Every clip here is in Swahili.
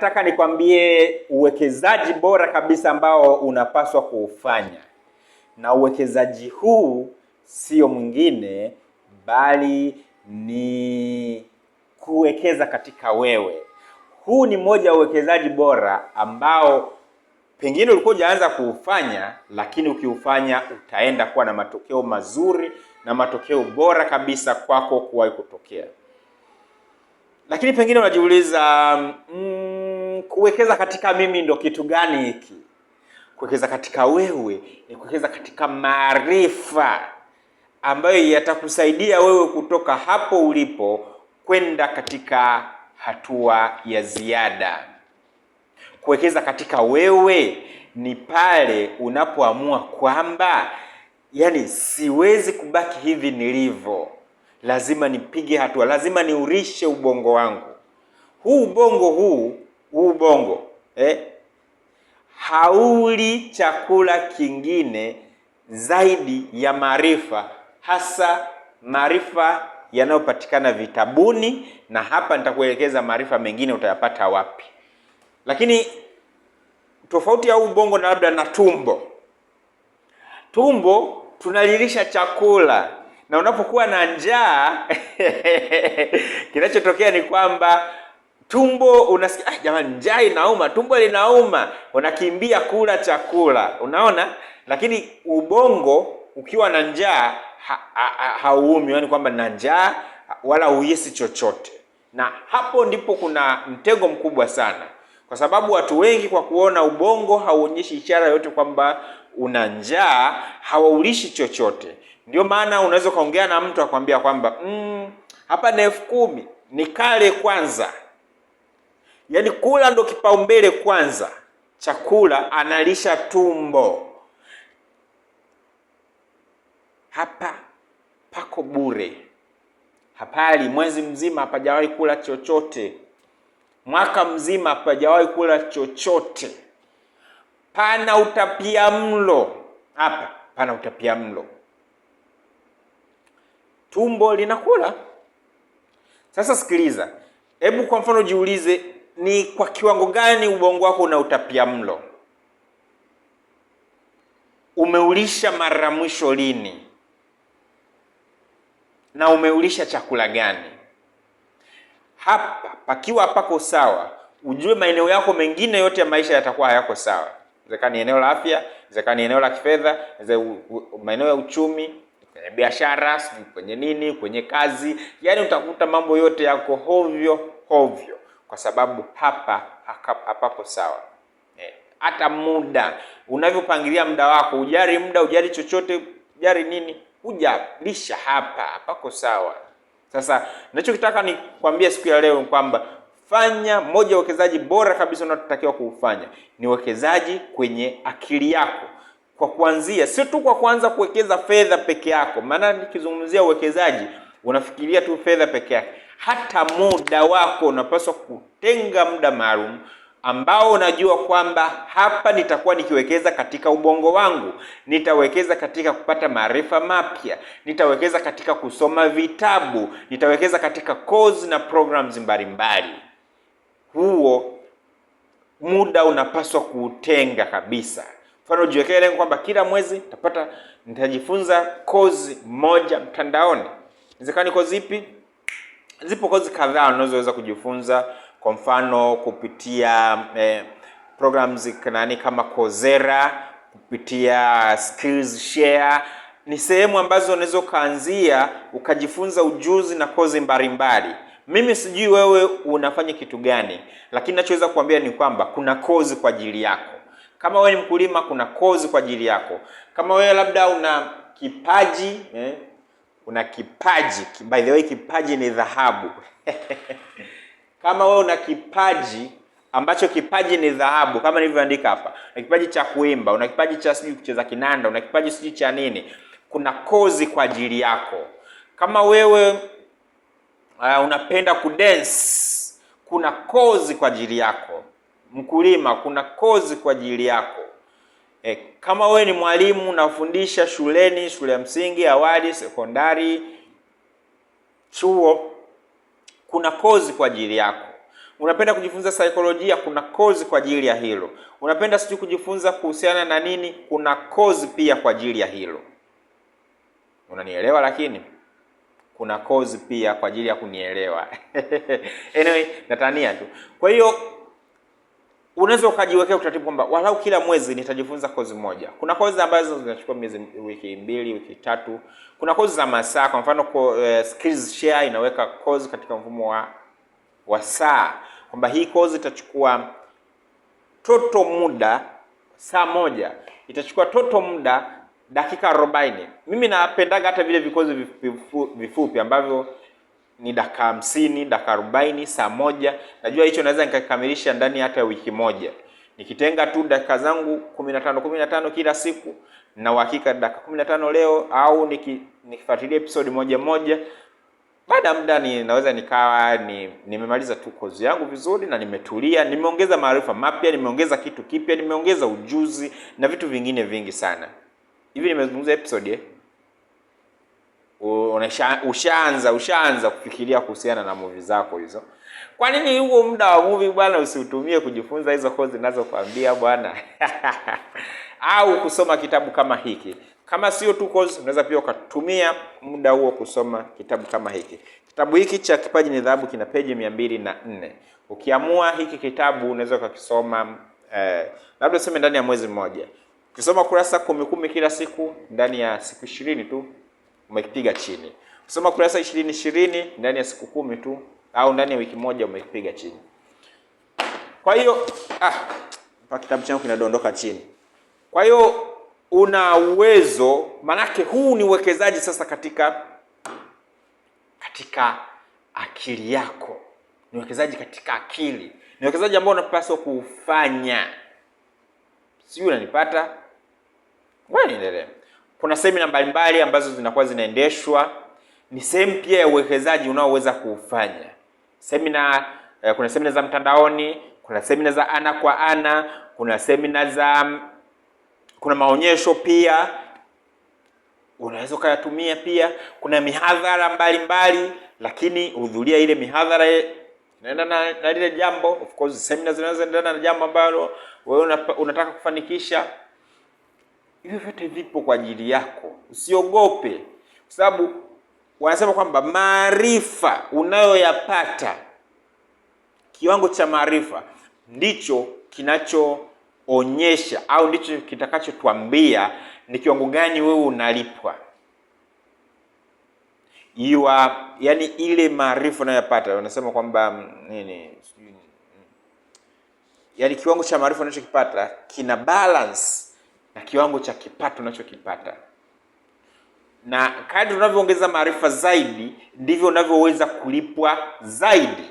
nataka nikwambie uwekezaji bora kabisa ambao unapaswa kuufanya, na uwekezaji huu sio mwingine bali ni kuwekeza katika wewe. Huu ni mmoja wa uwekezaji bora ambao pengine ulikuwa hujaanza kuufanya, lakini ukiufanya utaenda kuwa na matokeo mazuri na matokeo bora kabisa kwako kuwahi kutokea. Lakini pengine unajiuliza mm, kuwekeza katika mimi ndo kitu gani hiki? Kuwekeza katika wewe ni kuwekeza katika maarifa ambayo yatakusaidia wewe kutoka hapo ulipo kwenda katika hatua ya ziada. Kuwekeza katika wewe ni pale unapoamua kwamba yani, siwezi kubaki hivi nilivyo, lazima nipige hatua, lazima niurishe ubongo wangu huu. Ubongo huu huu ubongo eh, hauli chakula kingine zaidi ya maarifa, hasa maarifa yanayopatikana vitabuni, na hapa nitakuelekeza maarifa mengine utayapata wapi. Lakini tofauti ya ubongo na labda na tumbo, tumbo tunalilisha chakula, na unapokuwa na njaa kinachotokea ni kwamba tumbo unasikia, ah, jamani, njaa inauma, tumbo linauma, unakimbia kula chakula, unaona. Lakini ubongo ukiwa na njaa hauumi, ha, yaani kwamba na njaa wala uhisi chochote, na hapo ndipo kuna mtego mkubwa sana, kwa sababu watu wengi kwa kuona ubongo hauonyeshi ishara yoyote kwamba una njaa hawaulishi chochote. Ndio maana unaweza ukaongea na mtu akwambia kwamba mm, hapa na elfu kumi nikale kwanza Yaani kula ndo kipaumbele kwanza, chakula analisha tumbo. Hapa pako bure, hapali mwezi mzima, hapajawahi kula chochote, mwaka mzima, hapajawahi kula chochote. Pana utapia mlo hapa, pana utapia mlo, tumbo linakula. Sasa sikiliza, hebu kwa mfano jiulize ni kwa kiwango gani ubongo wako una utapia mlo. Umeulisha mara mwisho lini na umeulisha chakula gani? Hapa pakiwa hapako sawa, ujue maeneo yako mengine yote ya maisha yatakuwa hayako sawa. Inawezekana ni eneo la afya, inawezekana ni eneo la kifedha, maeneo ya uchumi, kwenye biashara, kwenye nini, kwenye kazi, yaani utakuta mambo yote yako hovyo hovyo kwa sababu hapa hapapo sawa. E, hata muda unavyopangilia muda wako, ujari muda, ujari chochote, ujari nini, hujalisha hapa hapako sawa. Sasa ninachokitaka nikwambia siku ya leo ni kwamba fanya moja uwekezaji bora kabisa unaotakiwa kuufanya ni uwekezaji kwenye akili yako, kwa kuanzia, sio tu kwa kuanza kuwekeza fedha peke yako. Maana nikizungumzia uwekezaji unafikiria tu fedha peke yake hata muda wako unapaswa kutenga muda maalum ambao unajua kwamba hapa nitakuwa nikiwekeza katika ubongo wangu, nitawekeza katika kupata maarifa mapya, nitawekeza katika kusoma vitabu, nitawekeza katika course na programs mbalimbali. Huo muda unapaswa kuutenga kabisa. Mfano, jiwekee lengo kwamba kila mwezi nitapata, nitajifunza course moja mtandaoni. Inawezekana ni course ipi? Zipo kozi kadhaa unazoweza kujifunza, kwa mfano kupitia eh, programs nani kama Coursera, kupitia Skills Share ni sehemu ambazo unaweza ukaanzia ukajifunza ujuzi na kozi mbalimbali. Mimi sijui wewe unafanya kitu gani, lakini nachoweza kuambia ni kwamba kuna kozi kwa ajili yako. Kama wewe ni mkulima, kuna kozi kwa ajili yako. Kama wewe labda una kipaji eh, una kipaji. By the way, kipaji ni dhahabu kama wewe una kipaji ambacho kipaji ni dhahabu, kama nilivyoandika hapa, una kipaji cha kuimba, una kipaji cha sijui kucheza kinanda, una kipaji sijui cha nini, kuna kozi kwa ajili yako. Kama wewe uh, unapenda kudance, kuna kozi kwa ajili yako. Mkulima, kuna kozi kwa ajili yako. E, kama wewe ni mwalimu unafundisha shuleni, shule ya msingi, awali, sekondari, chuo, kuna kozi kwa ajili yako. Unapenda kujifunza saikolojia, kuna kozi kwa ajili ya hilo. Unapenda sijui kujifunza kuhusiana na nini, kuna kozi pia kwa ajili ya hilo. Unanielewa? Lakini kuna kozi pia kwa ajili ya kunielewa. Anyway, natania tu. Kwa hiyo unaweza ukajiwekea utaratibu kwamba walau kila mwezi nitajifunza kozi moja. Kuna kozi ambazo zinachukua miezi, wiki mbili, wiki tatu. Kuna kozi za masaa, kwa mfano kwa, uh, eh, Skillshare inaweka kozi katika mfumo wa wa saa kwamba hii kozi itachukua toto muda saa moja, itachukua toto muda dakika arobaini. Mimi napendaga hata vile vikozi vifupi ambavyo ni dakika hamsini, dakika arobaini, saa moja. Najua hicho naweza nikakamilisha ndani hata wiki moja, nikitenga tu dakika zangu kumi na tano kumi na tano kila siku, na uhakika dakika kumi na tano leo au nikifuatilia episode moja moja, baada ya muda naweza nikawa ni, nimemaliza tu kozi yangu vizuri na nimetulia, nimeongeza maarifa mapya, nimeongeza kitu kipya, nimeongeza ujuzi na vitu vingine vingi sana. Hivi nimezungumza episode eh? ushaanza ushaanza kufikiria kuhusiana na movie zako hizo. Kwa nini huo muda wa movie bwana usiutumie kujifunza hizo kozi ninazokuambia bwana? au kusoma kitabu kama hiki. Kama sio tu kozi, unaweza pia ukatumia muda huo kusoma kitabu kama hiki. Kitabu hiki cha Kipaji ni Dhahabu kina peji mia mbili na nne. Ukiamua hiki kitabu unaweza ukakisoma eh, labda useme ndani ya mwezi mmoja, ukisoma kurasa kumi kumi kila siku, ndani ya siku ishirini tu umekipiga chini. Kusoma kurasa ishirini ishirini ndani ya siku kumi tu au ndani ya wiki moja umekipiga chini. Kwa hiyo ah, pa kitabu changu kinadondoka chini. Kwa hiyo una uwezo, manake huu ni uwekezaji sasa katika katika akili yako, ni uwekezaji katika akili, ni uwekezaji ambao unapaswa kuufanya. Sijui unanipata? wewe niendelee. Kuna semina mbalimbali ambazo zinakuwa zinaendeshwa, ni sehemu pia ya uwekezaji unaoweza kuufanya. Semina eh, kuna semina za mtandaoni, kuna semina za ana kwa ana, kuna semina za mm, kuna maonyesho pia unaweza ukayatumia pia. Kuna mihadhara mbalimbali, lakini hudhuria ile mihadhara naenda na, na lile jambo. Of course semina zinaweza endana na jambo ambalo wewe unataka kufanikisha hivyo vyote vipo kwa ajili yako, usiogope, kwa sababu wanasema kwamba maarifa unayoyapata, kiwango cha maarifa ndicho kinachoonyesha au ndicho kitakachotuambia ni kiwango gani wewe unalipwa iwa, yani ile maarifa unayoyapata, wanasema kwamba mm, nini, mm, mm. yani kiwango cha maarifa unachokipata kina balance na kiwango cha kipato unachokipata. Na kadri unavyoongeza maarifa zaidi, ndivyo unavyoweza kulipwa zaidi.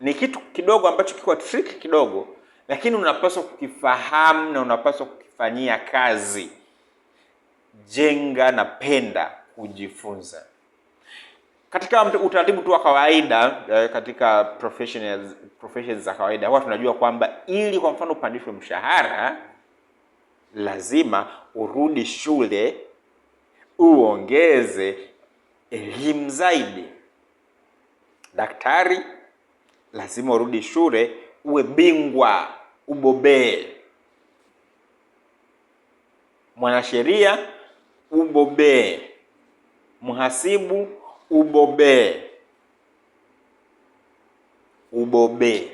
Ni kitu kidogo ambacho kiko trick kidogo, lakini unapaswa kukifahamu na unapaswa kukifanyia kazi. Jenga na penda kujifunza. Katika utaratibu tu wa kawaida, eh, katika professions za kawaida, huwa tunajua kwamba ili kwa mfano upandishwe mshahara lazima urudi shule uongeze elimu zaidi. Daktari lazima urudi shule uwe bingwa, ubobee. Mwanasheria ubobee, mhasibu ubobee, ubobee.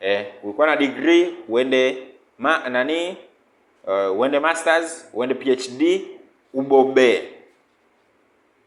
Eh, ulikuwa na degree uende ma, nani uh, uende masters uende PhD ubobee,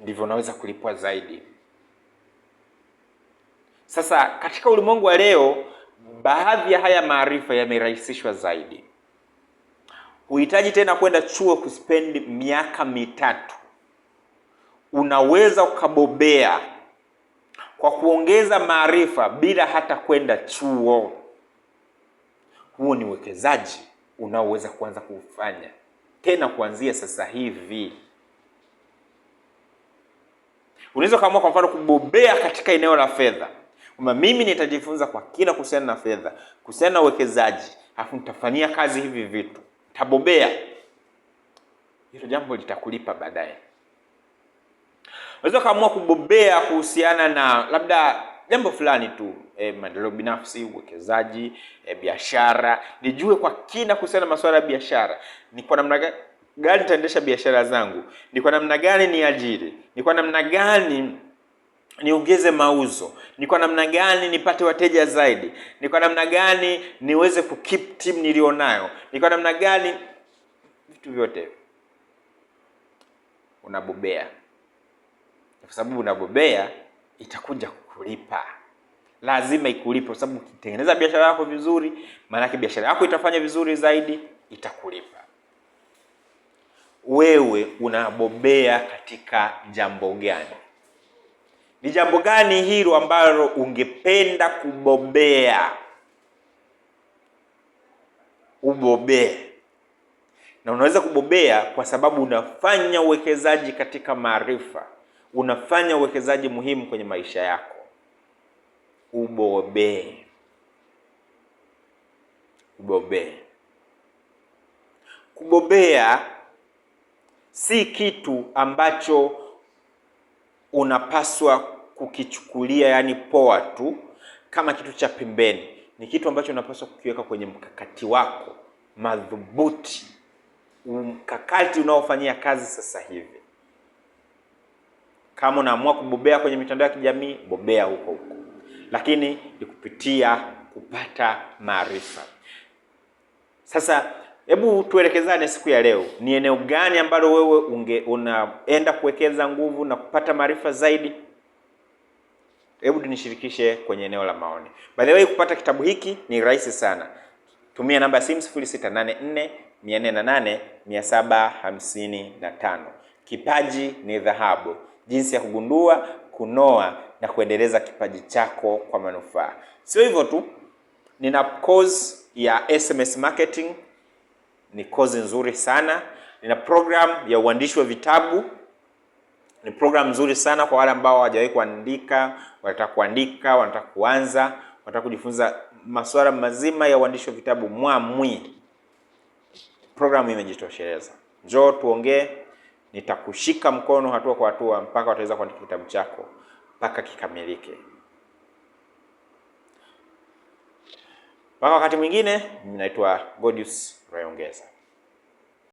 ndivyo unaweza kulipwa zaidi. Sasa katika ulimwengu wa leo, baadhi ya haya maarifa yamerahisishwa zaidi. Huhitaji tena kwenda chuo kuspendi miaka mitatu, unaweza ukabobea kwa kuongeza maarifa bila hata kwenda chuo huo ni uwekezaji unaoweza kuanza kuufanya tena kuanzia sasa hivi. Unaweza ukaamua kwa mfano kubobea katika eneo la fedha, kwamba mimi nitajifunza kwa kina kuhusiana na fedha, kuhusiana na uwekezaji, alafu nitafanyia kazi hivi vitu, nitabobea. Hilo jambo litakulipa baadaye. Unaweza ukaamua kubobea kuhusiana na labda jambo fulani tu e, maendeleo binafsi, uwekezaji, e, biashara, nijue kwa kina kuhusiana na masuala ya biashara, ni kwa namna gani nitaendesha biashara zangu, ni kwa namna gani ni ajiri, ni kwa namna gani niongeze mauzo, ni kwa namna gani nipate wateja zaidi, ni kwa namna gani niweze kukeep team nilionayo, ni kwa namna gani. Vitu vyote unabobea, kwa sababu unabobea itakuja kulipa, lazima ikulipe, kwa sababu ukitengeneza biashara yako vizuri, maanake biashara yako itafanya vizuri zaidi, itakulipa. Wewe unabobea katika jambo gani? Ni jambo gani hilo ambalo ungependa kubobea? Ubobee, na unaweza kubobea kwa sababu unafanya uwekezaji katika maarifa, unafanya uwekezaji muhimu kwenye maisha yako ubobe, ubobee. Kubobea si kitu ambacho unapaswa kukichukulia yani poa tu kama kitu cha pembeni. Ni kitu ambacho unapaswa kukiweka kwenye mkakati wako madhubuti, mkakati unaofanyia kazi sasa hivi. Kama unaamua kubobea kwenye mitandao ya kijamii, bobea huko huko lakini ni kupitia kupata maarifa. Sasa hebu tuelekezane siku ya leo, ni eneo gani ambalo wewe unge, unaenda kuwekeza nguvu na kupata maarifa zaidi? Hebu tunishirikishe kwenye eneo la maoni. By the way, kupata kitabu hiki ni rahisi sana, tumia namba ya simu 0684 Kipaji ni dhahabu, jinsi ya kugundua, kunoa na kuendeleza kipaji chako kwa manufaa. Sio hivyo tu, nina course ya SMS marketing, ni course nzuri sana. Nina program ya uandishi wa vitabu, ni program nzuri sana kwa wale ambao hawajawahi kuandika, wanataka kuandika, wanataka kuanza, wanataka kujifunza masuala mazima ya uandishi wa vitabu mwamwi. Programu imejitosheleza. Njoo tuongee, nitakushika mkono hatua kwa hatua mpaka wataweza kuandika kitabu chako mpaka kikamilike. Mpaka wakati mwingine, mimi naitwa Godius Rayongeza.